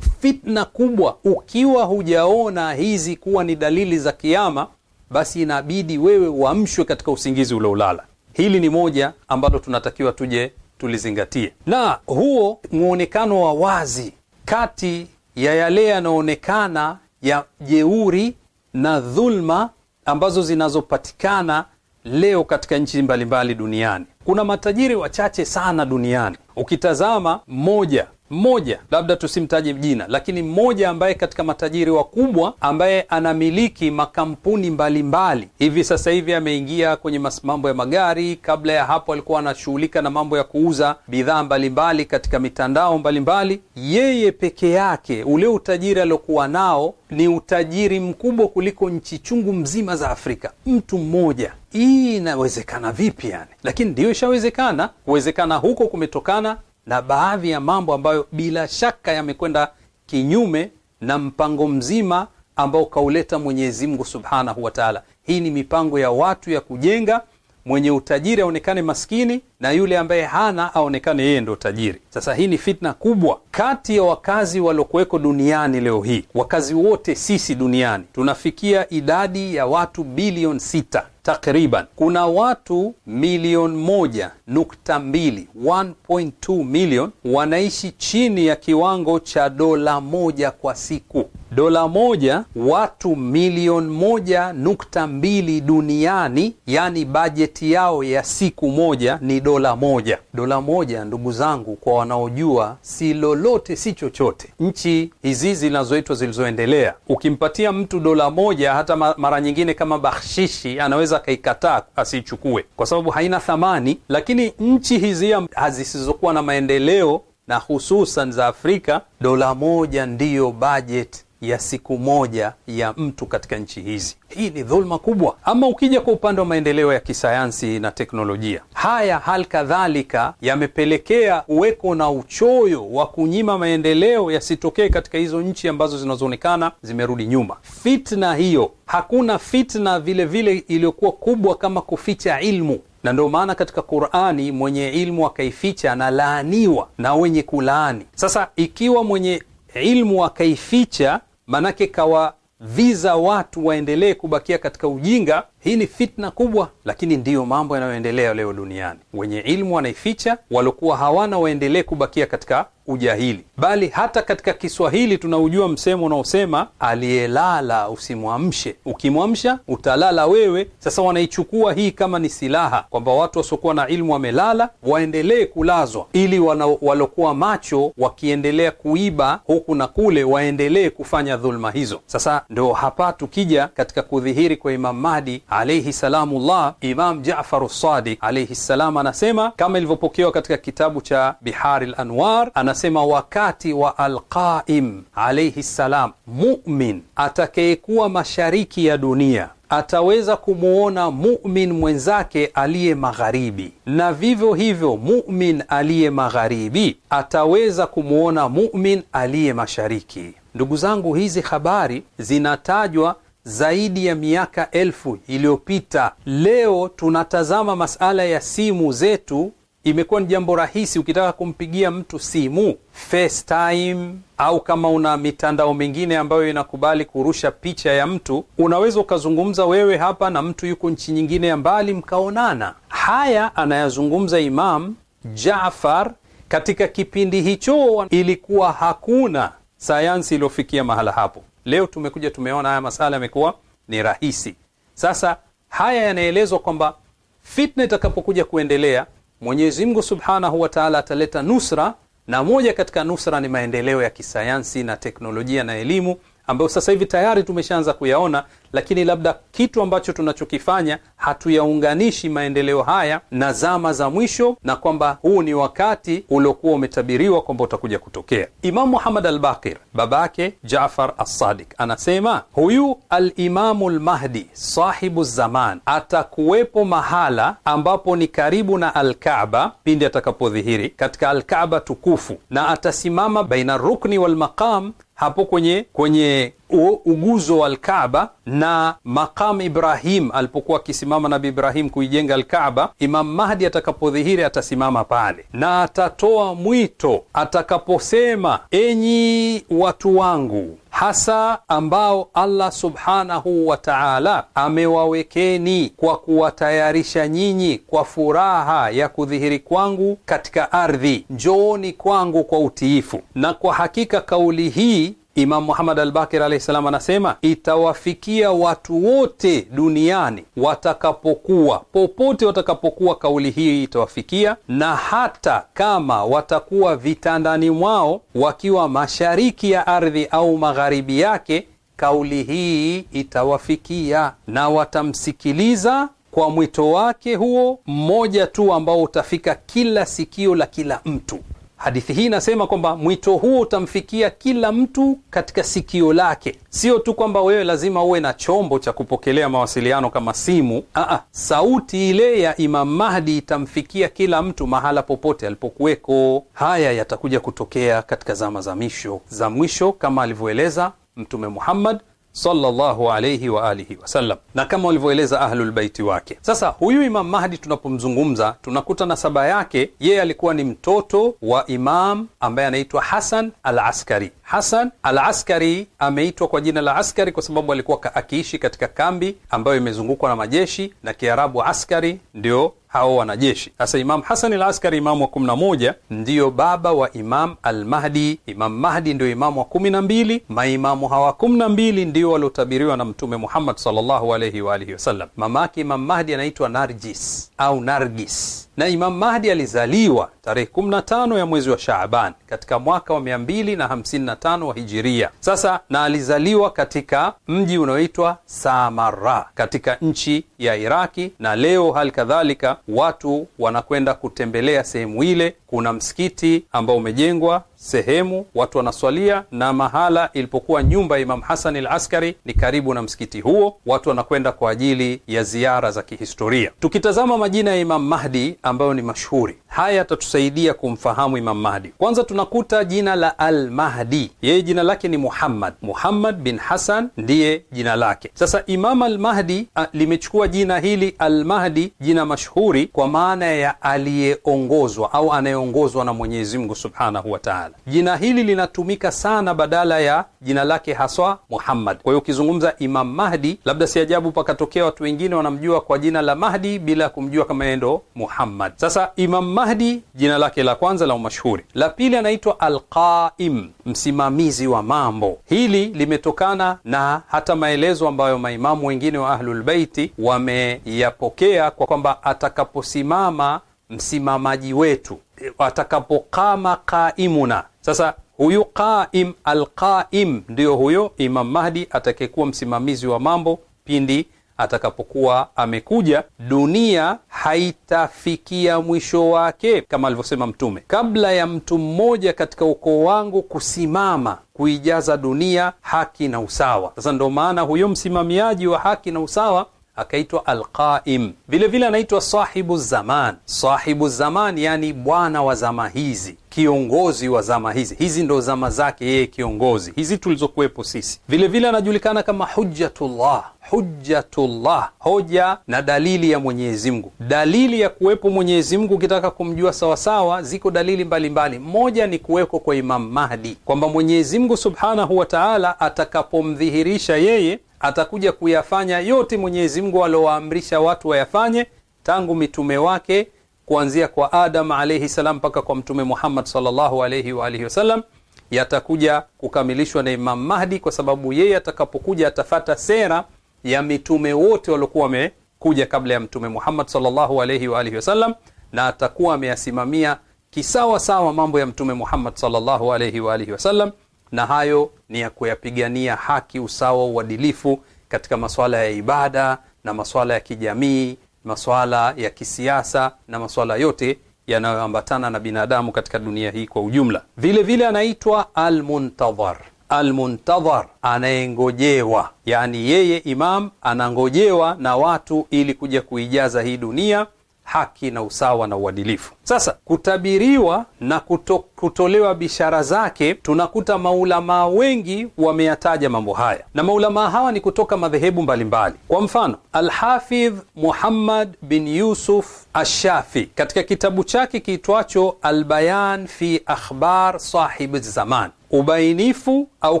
fitna kubwa. Ukiwa hujaona hizi kuwa ni dalili za kiama, basi inabidi wewe uamshwe katika usingizi uliolala. Hili ni moja ambalo tunatakiwa tuje tulizingatie, na huo mwonekano wa wazi kati ya yale yanaonekana ya jeuri na dhulma ambazo zinazopatikana leo katika nchi mbalimbali duniani. Kuna matajiri wachache sana duniani. Ukitazama moja mmoja labda tusimtaje jina, lakini mmoja ambaye katika matajiri wakubwa ambaye anamiliki makampuni mbalimbali mbali. Hivi sasa hivi ameingia kwenye mambo ya magari. Kabla ya hapo alikuwa anashughulika na mambo ya kuuza bidhaa mbalimbali katika mitandao mbalimbali mbali. Yeye peke yake ule utajiri aliokuwa nao ni utajiri mkubwa kuliko nchi chungu mzima za Afrika, mtu mmoja. Hii inawezekana vipi yani? Lakini ndiyo ishawezekana. Kuwezekana huko kumetokana na baadhi ya mambo ambayo bila shaka yamekwenda kinyume na mpango mzima ambao kauleta Mwenyezi Mungu Subhanahu wa Ta'ala. Hii ni mipango ya watu ya kujenga mwenye utajiri aonekane maskini na yule ambaye hana aonekane yeye ndo tajiri. Sasa hii ni fitna kubwa kati ya wakazi waliokuweko duniani leo hii. Wakazi wote sisi duniani tunafikia idadi ya watu bilioni sita takriban kuna watu milioni moja nukta mbili 1.2 milioni wanaishi chini ya kiwango cha dola moja kwa siku. Dola moja watu milioni moja nukta mbili duniani, yani bajeti yao ya siku moja ni dola moja. Dola moja, ndugu zangu, kwa wanaojua si lolote, si chochote. Nchi hizi zinazoitwa zilizoendelea, ukimpatia mtu dola moja, hata mara nyingine kama bakshishi, anaweza akaikataa asiichukue, kwa sababu haina thamani. Lakini nchi hizi zisizokuwa na maendeleo na hususan za Afrika, dola moja ndiyo bajeti ya siku moja ya mtu katika nchi hizi. Hii ni dhulma kubwa. Ama ukija kwa upande wa maendeleo ya kisayansi na teknolojia, haya hali kadhalika yamepelekea uweko na uchoyo wa kunyima maendeleo yasitokee katika hizo nchi ambazo zinazoonekana zimerudi nyuma. Fitna hiyo, hakuna fitna vilevile iliyokuwa kubwa kama kuficha ilmu na ndio maana katika Qur'ani mwenye ilmu akaificha analaaniwa na wenye kulaani. Sasa ikiwa mwenye ilmu akaificha maanake kawaviza watu waendelee kubakia katika ujinga hii ni fitna kubwa, lakini ndiyo mambo yanayoendelea leo duniani. Wenye ilmu wanaificha, waliokuwa hawana waendelee kubakia katika ujahili. Bali hata katika Kiswahili tunaujua msemo unaosema aliyelala usimwamshe, ukimwamsha utalala wewe. Sasa wanaichukua hii kama ni silaha, kwamba watu wasiokuwa na ilmu wamelala waendelee kulazwa, ili waliokuwa macho wakiendelea kuiba huku na kule waendelee kufanya dhuluma hizo. Sasa ndo hapa tukija katika kudhihiri kwa Imam Mahdi alaihi salamullah, Imam jafar Sadiq alaihi salam anasema kama ilivyopokewa katika kitabu cha Bihari Lanwar, anasema wakati wa Alqaim alaihi salam, mumin atakayekuwa mashariki ya dunia ataweza kumwona mumin mwenzake aliye magharibi, na vivyo hivyo mumin aliye magharibi ataweza kumwona mumin aliye mashariki. Ndugu zangu, hizi habari zinatajwa zaidi ya miaka elfu iliyopita. Leo tunatazama masala ya simu zetu, imekuwa ni jambo rahisi. Ukitaka kumpigia mtu simu FaceTime au kama una mitandao mingine ambayo inakubali kurusha picha ya mtu, unaweza ukazungumza wewe hapa na mtu yuko nchi nyingine ya mbali, mkaonana. Haya anayazungumza Imam jafar Katika kipindi hicho ilikuwa hakuna sayansi iliyofikia mahala hapo. Leo tumekuja tumeona haya masala yamekuwa ni rahisi. Sasa haya yanaelezwa kwamba fitna itakapokuja kuendelea, Mwenyezi Mungu Subhanahu wa Ta'ala ataleta nusra, na moja katika nusra ni maendeleo ya kisayansi na teknolojia na elimu ambayo sasa hivi tayari tumeshaanza kuyaona lakini labda kitu ambacho tunachokifanya hatuyaunganishi maendeleo haya na zama za mwisho, na kwamba huu ni wakati uliokuwa umetabiriwa kwamba utakuja kutokea. Imamu Muhammad al Bakir, babake Jaafar as anasema huyu alimamu lmahdi sahibu zaman atakuwepo mahala ambapo ni karibu na alkaba pindi atakapodhihiri katika alkaba tukufu, na atasimama baina rukni walmaqam hapo kwenye kwenye uguzo wa Alkaaba na maqam Ibrahim alipokuwa akisimama Nabi Ibrahim kuijenga Alkaaba, Imam Mahdi atakapodhihiri atasimama pale na atatoa mwito atakaposema, enyi watu wangu hasa ambao Allah subhanahu wa ta'ala amewawekeni kwa kuwatayarisha nyinyi kwa furaha ya kudhihiri kwangu katika ardhi, njooni kwangu kwa utiifu. Na kwa hakika kauli hii Imam Muhammad al-Bakir alayhi salam anasema itawafikia watu wote duniani watakapokuwa popote, watakapokuwa kauli hii itawafikia, na hata kama watakuwa vitandani mwao wakiwa mashariki ya ardhi au magharibi yake, kauli hii itawafikia na watamsikiliza kwa mwito wake huo mmoja tu ambao utafika kila sikio la kila mtu. Hadithi hii inasema kwamba mwito huo utamfikia kila mtu katika sikio lake. Sio tu kwamba wewe lazima uwe na chombo cha kupokelea mawasiliano kama simu. Aa, sauti ile ya Imam Mahdi itamfikia kila mtu mahala popote alipokuweko. Haya yatakuja kutokea katika zama za misho za mwisho kama alivyoeleza Mtume Muhammad sallallahu alayhi wa alihi wasallam, na kama walivyoeleza ahlulbeiti wake. Sasa huyu Imam Mahdi tunapomzungumza, tunakuta nasaba yake, yeye alikuwa ni mtoto wa imam ambaye anaitwa Hasan al Askari. Hasan al Askari ameitwa kwa jina la Askari kwa sababu alikuwa akiishi katika kambi ambayo imezungukwa na majeshi, na Kiarabu askari ndio hao wanajeshi. Sasa Imam Hasan al Askari, imamu wa 11, ndiyo baba wa Imam al Mahdi. Imam Mahdi ndio imamu wa 12. Maimamu hawa 12 ndio waliotabiriwa na Mtume Muhammad sallallahu alayhi wa alihi wasallam. Mama Imam Mahdi anaitwa Narjis au Nargis na Imam Mahdi alizaliwa tarehe 15 ya mwezi wa Shaaban katika mwaka wa 255 wa Hijiria. Sasa na alizaliwa katika mji unaoitwa Samarra katika nchi ya Iraki, na leo hali kadhalika watu wanakwenda kutembelea sehemu ile. Kuna msikiti ambao umejengwa sehemu watu wanaswalia, na mahala ilipokuwa nyumba ya Imam Hasan al Askari ni karibu na msikiti huo, watu wanakwenda kwa ajili ya ziara za kihistoria. Tukitazama majina ya Imam Mahdi ambayo ni mashuhuri, haya yatatusaidia kumfahamu Imam Mahdi. Kwanza tunakuta jina la al Mahdi, yeye jina lake ni Muhammad. Muhammad bin Hasan ndiye jina lake. Sasa Imam al Mahdi a, limechukua jina hili al Mahdi, jina mashuhuri kwa maana ya aliyeongozwa au anayeongozwa na Mwenyezi Mungu subhanahu wataala taala. Jina hili linatumika sana badala ya jina lake haswa Muhammad. Kwa hiyo ukizungumza Imam Mahdi, labda si ajabu pakatokea watu wengine wanamjua kwa jina la Mahdi bila ya kumjua kama yeye ndo Muhammad. Sasa Imam Mahdi jina lake la kwanza la umashhuri, la pili anaitwa Alqaim, msimamizi wa mambo. Hili limetokana na hata maelezo ambayo maimamu wengine wa Ahlulbeiti wameyapokea kwa kwamba atakaposimama msimamaji wetu atakapokama qaimuna. Sasa huyu qaim, alqaim ndiyo huyo Imam Mahdi atakayekuwa msimamizi wa mambo pindi atakapokuwa amekuja dunia. Haitafikia mwisho wake kama alivyosema Mtume, kabla ya mtu mmoja katika ukoo wangu kusimama kuijaza dunia haki na usawa. Sasa ndo maana huyo msimamiaji wa haki na usawa akaitwa Alqaim. Vilevile anaitwa sahibu zaman, sahibu zaman, yani bwana wa zama hizi kiongozi wa zama hizi. Hizi ndo zama zake yeye kiongozi, hizi tulizokuwepo sisi. Vilevile anajulikana kama hujjatullah Hujjatullah, hoja na dalili ya Mwenyezi Mungu. Dalili ya kuwepo Mwenyezi Mungu, ukitaka kumjua sawasawa, ziko dalili mbalimbali mbali. Moja ni kuweko kwa Imam Mahdi, kwamba Mwenyezi Mungu subhanahu wa taala atakapomdhihirisha yeye atakuja kuyafanya yote Mwenyezi Mungu aliowaamrisha watu wayafanye tangu mitume wake kuanzia kwa Adam alaihi salam mpaka kwa Mtume Muhammad sallallahu alaihi wa alihi wasallam yatakuja kukamilishwa na Imam Mahdi, kwa sababu yeye atakapokuja atafata sera ya mitume wote waliokuwa wamekuja kabla ya Mtume Muhammad sallallahu alaihi wa alihi wasallam, na atakuwa ameyasimamia kisawa sawa mambo ya Mtume Muhammad sallallahu alaihi wa alihi wasallam, na hayo ni ya kuyapigania haki, usawa, uadilifu katika masuala ya ibada na masuala ya kijamii masuala ya kisiasa na masuala yote yanayoambatana na binadamu katika dunia hii kwa ujumla. Vile vile anaitwa Almuntadhar. Almuntadhar, anayengojewa, yani yeye imam anangojewa na watu ili kuja kuijaza hii dunia haki na usawa na uadilifu. Sasa kutabiriwa na kuto, kutolewa bishara zake, tunakuta maulamaa wengi wameyataja mambo haya, na maulamaa hawa ni kutoka madhehebu mbalimbali. Kwa mfano, Alhafidh Muhammad bin Yusuf Ashafi katika kitabu chake kiitwacho Albayan fi akhbar sahib zaman, ubainifu au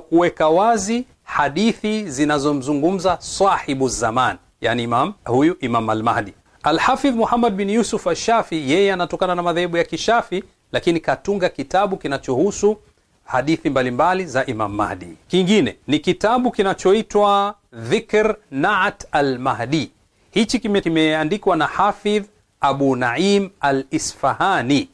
kuweka wazi hadithi zinazomzungumza sahibu zaman, yani imam huyu Imam Almahdi Alhafidh Muhammad bin Yusuf Ashafi yeye anatokana na madhehebu ya Kishafi, lakini katunga kitabu kinachohusu hadithi mbalimbali za Imam Mahdi. Kingine ni kitabu kinachoitwa Dhikr Naat al-Mahdi. Hichi kimeandikwa na Hafidh Abu Naim al-Isfahani.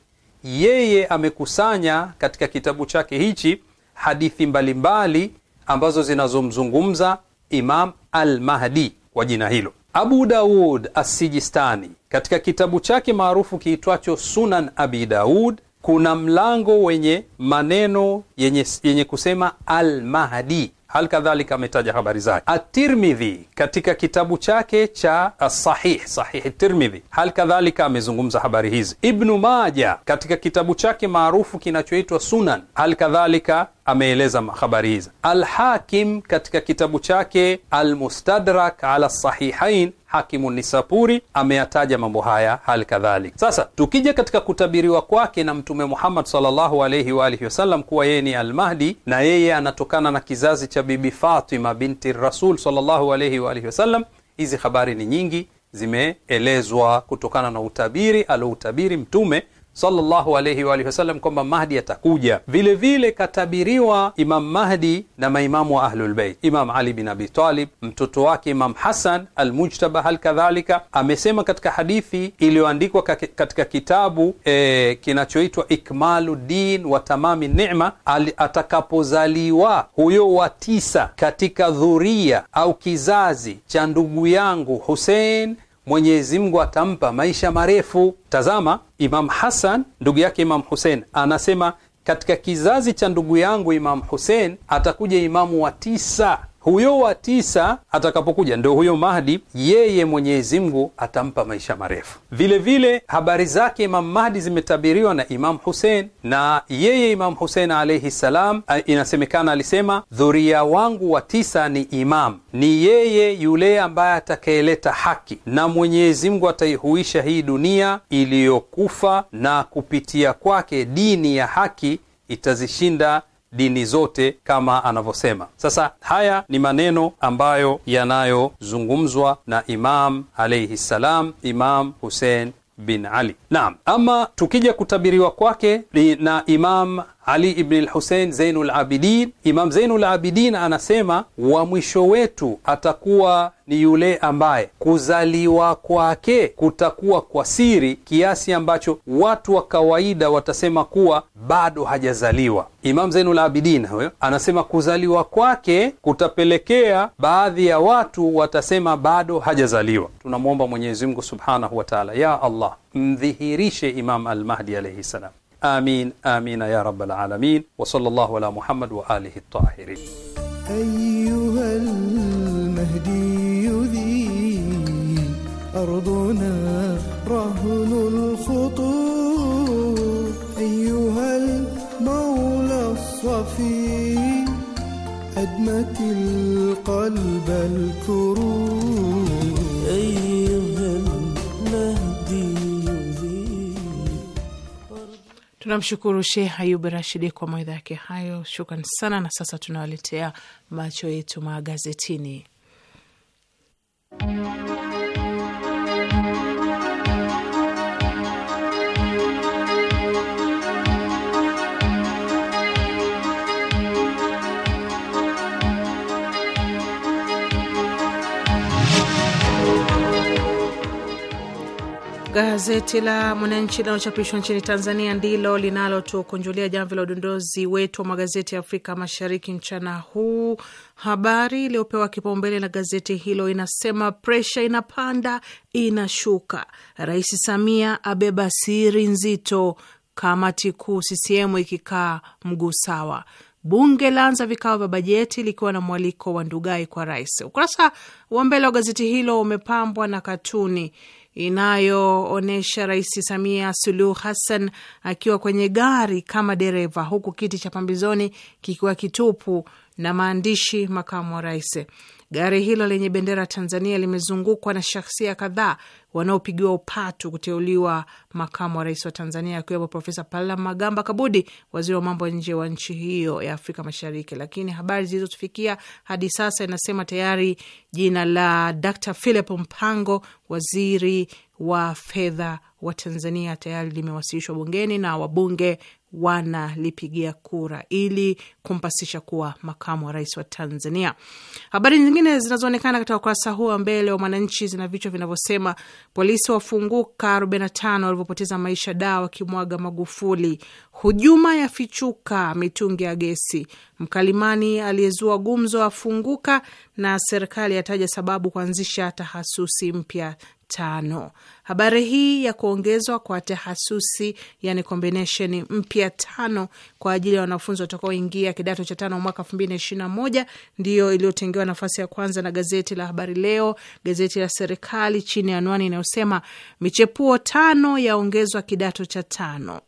Yeye amekusanya katika kitabu chake hichi hadithi mbalimbali ambazo zinazomzungumza Imam al-Mahdi kwa jina hilo. Abu Daud asijistani katika kitabu chake maarufu kiitwacho Sunan Abi Daud kuna mlango wenye maneno yenye, yenye kusema Almahdi. Hal kadhalika ametaja habari zake. Atirmidhi katika kitabu chake cha Sahih, Sahih Tirmidhi, hal kadhalika amezungumza habari hizi. Ibnu Maja katika kitabu chake maarufu kinachoitwa Sunan, hal kadhalika ameeleza habari hizi. Alhakim katika kitabu chake Almustadrak ala Sahihain, Hakimu Nisapuri ameyataja mambo haya hali kadhalika. Sasa tukija katika kutabiriwa kwake na Mtume Muhammad sallallahu wa alihi wasallam kuwa yeye ni Almahdi na yeye anatokana na kizazi cha Bibi Fatima binti Rasul sallallahu wa alihi wasallam, hizi habari ni nyingi, zimeelezwa kutokana na utabiri aloutabiri Mtume sallallahu alayhi wa alihi wasallam kwamba Mahdi atakuja. Vile vile katabiriwa Imam Mahdi na maimamu wa Ahlulbeit, Imam Ali bin Abi Talib, mtoto wake Imam Hasan Almujtaba. Hal kadhalika amesema katika hadithi iliyoandikwa katika kitabu e, kinachoitwa Ikmalu Din wa Tamami Nema, atakapozaliwa huyo wa tisa katika dhuria au kizazi cha ndugu yangu Husein Mwenyezi Mungu atampa maisha marefu. Tazama, Imam Hasan ndugu yake Imam Husein anasema katika kizazi cha ndugu yangu Imam Husein atakuja imamu wa tisa huyo wa tisa atakapokuja, ndo huyo Mahdi, yeye Mwenyezi Mungu atampa maisha marefu. Vile vile habari zake Imam Mahdi zimetabiriwa na Imam Husein, na yeye Imam Husein alaihi ssalam inasemekana alisema, dhuria wangu wa tisa ni imam, ni yeye yule ambaye atakayeleta haki, na Mwenyezi Mungu ataihuisha hii dunia iliyokufa, na kupitia kwake dini ya haki itazishinda dini zote kama anavyosema. Sasa haya ni maneno ambayo yanayozungumzwa na Imam alaihi ssalam, Imam Husein bin Ali. Naam, ama tukija kutabiriwa kwake na Imam ali ibn al-Hussein Zainul Abidin. Imam Zainul Abidin anasema wa mwisho wetu atakuwa ni yule ambaye kuzaliwa kwake kutakuwa kwa siri kiasi ambacho watu wa kawaida watasema kuwa bado hajazaliwa. Imam Zainul Abidin huyo anasema kuzaliwa kwake kutapelekea baadhi ya watu watasema bado hajazaliwa. Tunamwomba Mwenyezi Mungu subhanahu wa taala, ya Allah mdhihirishe Imam Al-Mahdi alaihi salam. آمين آمين يا رب العالمين وصلى الله على محمد وآله الطاهرين أيها المهدي ذي أرضنا رهن الخطور أيها المولى الصفي أدمت القلب الكروب Tunamshukuru Sheh Ayub Rashidi kwa mawaidha yake hayo, shukran sana. Na sasa tunawaletea macho yetu magazetini Gazeti la Mwananchi linalochapishwa nchini Tanzania ndilo linalotukunjulia jamvi la udondozi wetu wa magazeti ya Afrika Mashariki mchana huu. Habari iliyopewa kipaumbele na gazeti hilo inasema presha inapanda inashuka, Rais Samia abeba siri nzito, kamati kuu CCM ikikaa mguu sawa Bunge laanza vikao vya bajeti likiwa na mwaliko wa Ndugai kwa rais. Ukurasa wa mbele wa gazeti hilo umepambwa na katuni inayoonyesha Rais Samia Suluhu Hassan akiwa kwenye gari kama dereva, huku kiti cha pambizoni kikiwa kitupu na maandishi makamu wa rais. Gari hilo lenye bendera Tanzania limezungukwa na shahsia kadhaa wanaopigiwa upatu kuteuliwa makamu wa rais wa Tanzania, akiwemo Profesa magamba Kabudi, waziri wa mambo ya nje wa nchi hiyo ya Afrika Mashariki. Lakini habari zilizotufikia hadi sasa inasema tayari jina la Dr Philip Mpango, waziri wa fedha wa Tanzania, tayari limewasilishwa bungeni na wabunge wanalipigia kura ili kumpasisha kuwa makamu wa rais wa Tanzania. Habari nyingine zinazoonekana katika ukurasa huu wa mbele wa Mwananchi zina vichwa vinavyosema: polisi wafunguka 45 walivyopoteza maisha daa wakimwaga Magufuli, hujuma ya fichuka mitungi ya gesi, mkalimani aliyezua gumzo afunguka, na serikali yataja sababu kuanzisha tahasusi mpya tano. Habari hii ya kuongezwa kwa tahasusi yani combination mpya tano kwa ajili ya wanafunzi watakaoingia kidato cha tano mwaka elfu mbili na ishirini na moja ndiyo iliyotengewa nafasi ya kwanza na gazeti la Habari Leo, gazeti la serikali, chini ya anwani inayosema michepuo tano yaongezwa kidato cha tano.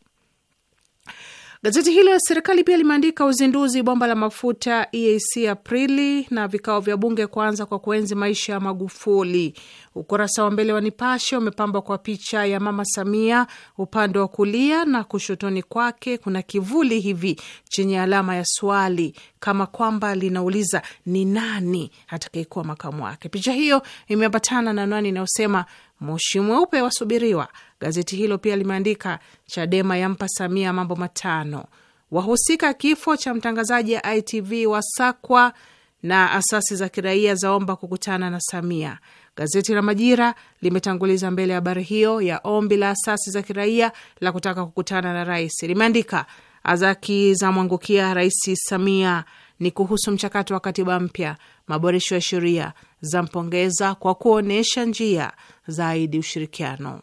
Gazeti hilo la serikali pia limeandika uzinduzi bomba la mafuta EAC Aprili na vikao vya bunge kuanza kwa kuenzi maisha ya Magufuli. Ukurasa wa mbele wa Nipashe umepambwa kwa picha ya Mama Samia upande wa kulia na kushotoni kwake kuna kivuli hivi chenye alama ya swali kama kwamba linauliza ni nani atakayekuwa makamu wake. Picha hiyo imeambatana na anwani inayosema moshi mweupe wasubiriwa Gazeti hilo pia limeandika Chadema yampa Samia mambo matano, wahusika kifo cha mtangazaji ya ITV wasakwa, na asasi za kiraia zaomba kukutana na Samia. Gazeti la Majira limetanguliza mbele habari hiyo ya ombi la asasi za kiraia la kutaka kukutana na rais. Limeandika azaki za mwangukia Rais Samia ni kuhusu mchakato wa katiba mpya, maboresho ya sheria, zampongeza kwa kuonyesha njia zaidi ushirikiano.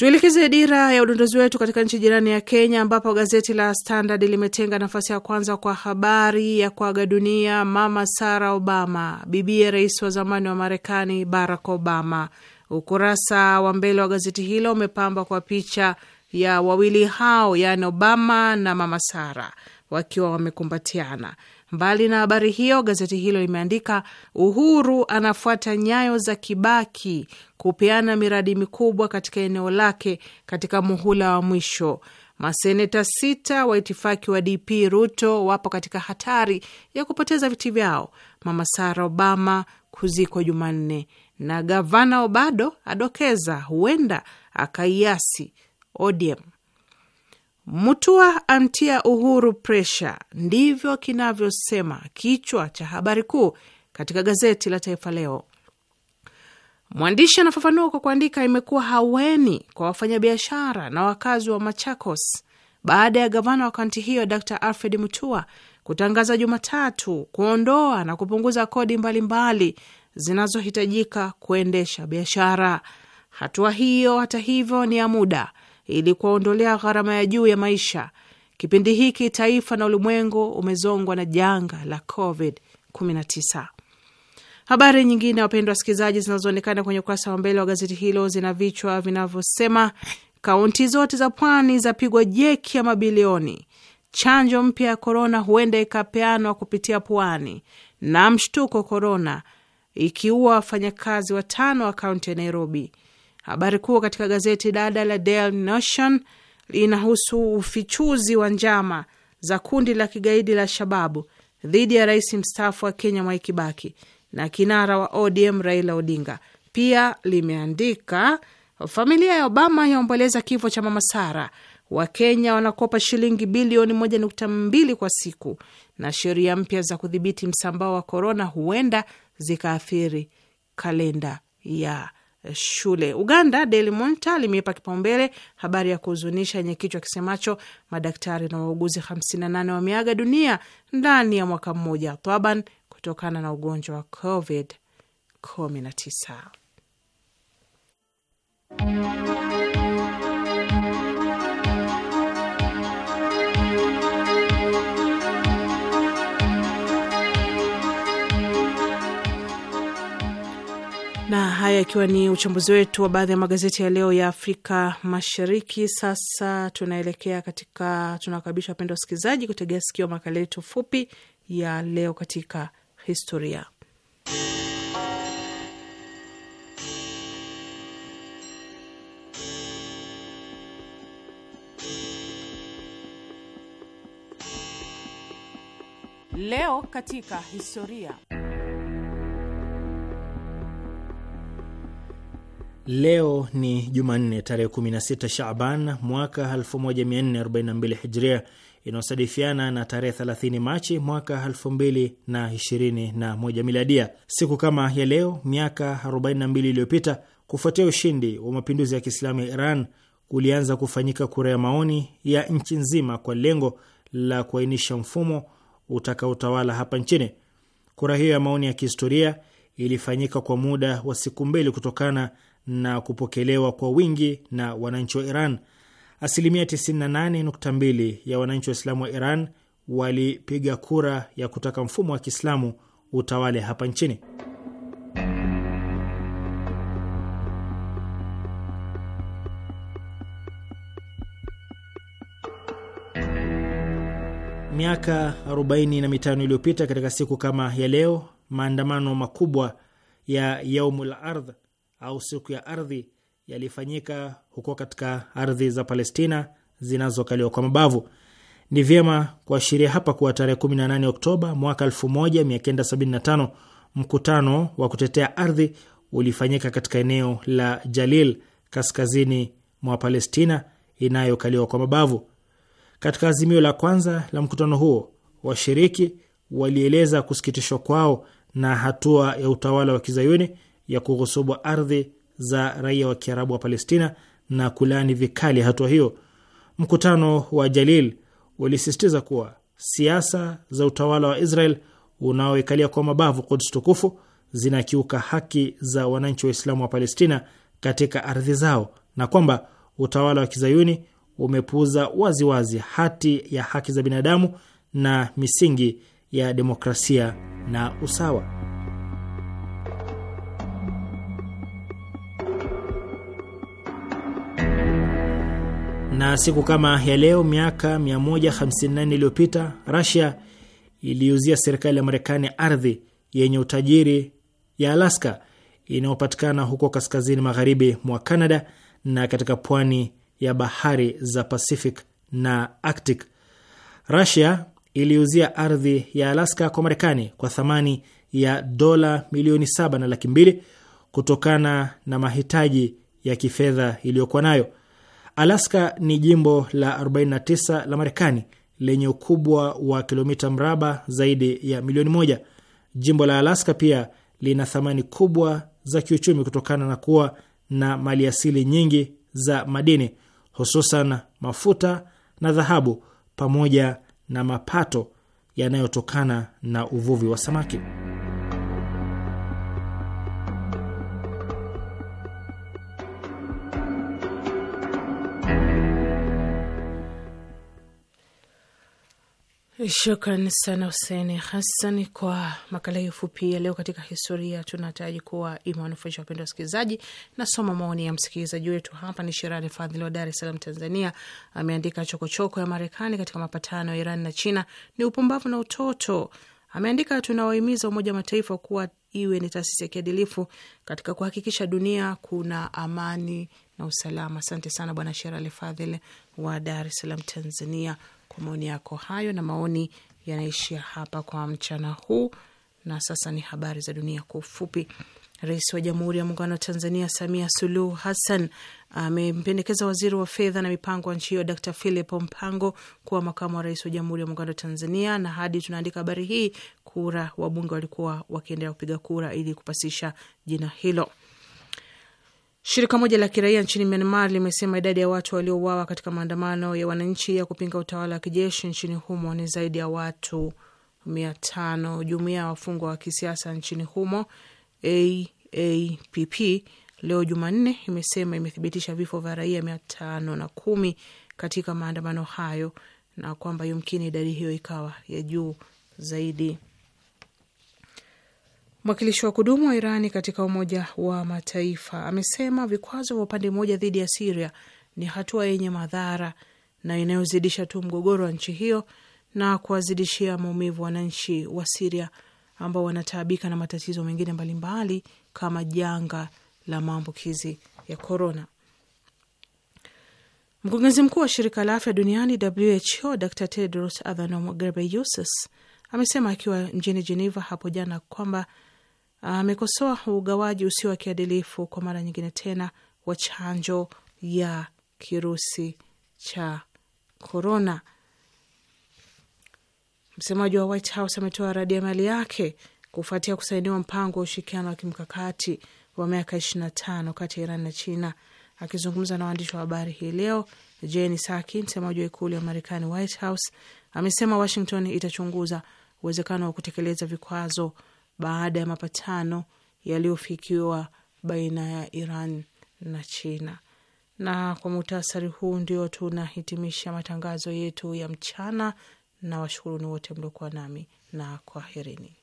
Tuelekeze dira ya udondozi wetu katika nchi jirani ya Kenya, ambapo gazeti la Standard limetenga nafasi ya kwanza kwa habari ya kuaga dunia Mama Sarah Obama, bibie rais wa zamani wa Marekani Barack Obama. Ukurasa wa mbele wa gazeti hilo umepambwa kwa picha ya wawili hao, yaani Obama na Mama Sarah wakiwa wamekumbatiana. Mbali na habari hiyo, gazeti hilo limeandika Uhuru anafuata nyayo za Kibaki kupeana miradi mikubwa katika eneo lake katika muhula wa mwisho. Maseneta sita wa itifaki wa DP Ruto wapo katika hatari ya kupoteza viti vyao. Mama Sara Obama kuzikwa Jumanne, na gavana Obado adokeza huenda akaiasi ODM. Mutua amtia Uhuru presha, ndivyo kinavyosema kichwa cha habari kuu katika gazeti la Taifa Leo. Mwandishi anafafanua kwa kuandika, imekuwa haweni kwa wafanyabiashara na wakazi wa Machakos baada ya gavana wa kaunti hiyo Dr Alfred Mutua kutangaza Jumatatu kuondoa na kupunguza kodi mbalimbali zinazohitajika kuendesha biashara. Hatua hiyo hata hivyo ni ya muda ili kuwaondolea gharama ya juu ya maisha. Kipindi hiki taifa na ulimwengu umezongwa na janga la Covid 19. Habari nyingine, wapendwa wasikilizaji, zinazoonekana kwenye ukurasa wa mbele wa gazeti hilo zina vichwa vinavyosema: kaunti zote za pwani zapigwa jeki ya mabilioni, chanjo mpya ya korona huenda ikapeanwa kupitia pwani, na mshtuko korona ikiua wafanyakazi watano wa kaunti ya Nairobi, Habari kuu katika gazeti dada la Daily Nation inahusu ufichuzi wa njama za kundi la kigaidi la Shababu dhidi ya rais mstaafu wa Kenya Mwai Kibaki na kinara wa ODM Raila Odinga. Pia limeandika familia ya Obama yaomboleza kifo cha mama Sara. Wakenya wanakopa shilingi bilioni mbili kwa siku, na sheria mpya za kudhibiti msambao wa korona huenda zikaathiri kalenda ya Eh, shule. Uganda, Daily Monitor limeipa kipaumbele habari ya kuhuzunisha yenye kichwa kisemacho madaktari na wauguzi 58 wameaga dunia ndani ya mwaka mmoja thaban kutokana na ugonjwa wa COVID 19. Haya yakiwa ni uchambuzi wetu wa baadhi ya magazeti ya leo ya Afrika Mashariki. Sasa tunaelekea katika, tunawakaribisha wapendwa wasikilizaji kutegea sikio makala yetu fupi ya leo katika historia. Leo katika historia Leo ni Jumanne tarehe 16 Shaban mwaka 1442 Hijria, inayosadifiana na tarehe 30 Machi mwaka 2021 Miladia. Siku kama ya leo miaka 42 iliyopita, kufuatia ushindi wa mapinduzi ya Kiislamu ya Iran, kulianza kufanyika kura ya maoni ya nchi nzima kwa lengo la kuainisha mfumo utakaotawala hapa nchini. Kura hiyo ya maoni ya kihistoria ilifanyika kwa muda wa siku mbili kutokana na kupokelewa kwa wingi na wananchi wa Iran. Asilimia 98.2 ya wananchi wa Islamu wa Iran walipiga kura ya kutaka mfumo wa Kiislamu utawale hapa nchini. Miaka 45 iliyopita katika siku kama ya leo, maandamano makubwa ya Yaumul Ardh au siku ya ardhi yalifanyika huko katika ardhi za Palestina zinazokaliwa kwa mabavu. Ni vyema kuashiria hapa kuwa tarehe 18 Oktoba mwaka 1975 mkutano wa kutetea ardhi ulifanyika katika eneo la Jalil kaskazini mwa Palestina inayokaliwa kwa mabavu. Katika azimio la kwanza la mkutano huo, washiriki walieleza kusikitishwa kwao na hatua ya utawala wa kizayuni ya kughusubwa ardhi za raia wa Kiarabu wa Palestina na kulaani vikali hatua hiyo. Mkutano wa Jalil ulisisitiza kuwa siasa za utawala wa Israel unaoikalia kwa mabavu Quds tukufu zinakiuka haki za wananchi Waislamu wa Palestina katika ardhi zao na kwamba utawala wa kizayuni umepuuza waziwazi hati ya haki za binadamu na misingi ya demokrasia na usawa. Na siku kama ya leo miaka 154 iliyopita Russia iliuzia serikali ya Marekani ardhi yenye utajiri ya Alaska inayopatikana huko kaskazini magharibi mwa Canada na katika pwani ya bahari za Pacific na Arctic. Russia iliuzia ardhi ya Alaska kwa Marekani kwa thamani ya dola milioni saba na laki mbili kutokana na mahitaji ya kifedha iliyokuwa nayo. Alaska ni jimbo la 49 la Marekani lenye ukubwa wa kilomita mraba zaidi ya milioni moja. Jimbo la Alaska pia lina thamani kubwa za kiuchumi kutokana na kuwa na maliasili nyingi za madini, hususan mafuta na dhahabu, pamoja na mapato yanayotokana na uvuvi wa samaki. Shukran sana Huseni Hassan kwa makala hiyo fupi ya leo katika historia. Tunataraji kuwa imewanufaisha wapendwa wasikilizaji. Nasoma maoni ya msikilizaji wetu hapa, ni Sherali Fadhili wa Dar es Salaam, Tanzania. Ameandika chokochoko ya Marekani katika mapatano ya Iran na China ni upumbavu na utoto. Ameandika tunawahimiza Umoja wa Mataifa kuwa iwe ni taasisi ya kiadilifu katika kuhakikisha dunia kuna amani na usalama. Asante sana Bwana Sherali Fadhili wa Dar es Salaam, Tanzania kwa maoni yako hayo, na maoni yanaishia hapa kwa mchana huu. Na sasa ni habari za dunia kwa ufupi. Rais wa Jamhuri ya Muungano wa Tanzania Samia Suluhu Hassan amempendekeza waziri wa fedha na mipango wa nchi hiyo dkt Philip Mpango kuwa makamu wa rais wa Jamhuri ya Muungano wa Tanzania, na hadi tunaandika habari hii, kura wabunge walikuwa wakiendelea kupiga kura ili kupasisha jina hilo. Shirika moja la kiraia nchini Myanmar limesema idadi ya watu waliouawa katika maandamano ya wananchi ya kupinga utawala wa kijeshi nchini humo ni zaidi ya watu mia tano. Jumuiya ya wafungwa wa kisiasa nchini humo AAPP leo Jumanne imesema imethibitisha vifo vya raia mia tano na kumi katika maandamano hayo na kwamba yumkini idadi hiyo ikawa ya juu zaidi. Mwakilishi wa kudumu wa Irani katika Umoja wa Mataifa amesema vikwazo vya upande mmoja dhidi ya Siria ni hatua yenye madhara na inayozidisha tu mgogoro wa nchi hiyo na kuwazidishia maumivu wananchi wa Siria ambao wanataabika na matatizo mengine mbalimbali kama janga la maambukizi ya korona. Mkurugenzi mkuu wa shirika la afya duniani WHO Dr Tedros Adhanom Ghebreyesus amesema akiwa mjini Geneva hapo jana kwamba amekosoa ugawaji usio wa kiadilifu kwa mara nyingine tena wa chanjo ya kirusi cha korona. Msemaji wa White House ametoa radi ya mali yake kufuatia kusainiwa mpango wa ushirikiano wa kimkakati wa miaka ishirini tano kati ya Iran na China. Akizungumza na waandishi wa habari hii leo, Jen Psaki, msemaji wa ikulu ya Marekani, White House, amesema Washington itachunguza uwezekano wa kutekeleza vikwazo baada ya mapatano yaliyofikiwa baina ya Iran na China. Na kwa muhtasari huu ndio tunahitimisha matangazo yetu ya mchana, na washukuruni wote mliokuwa nami na kwaherini.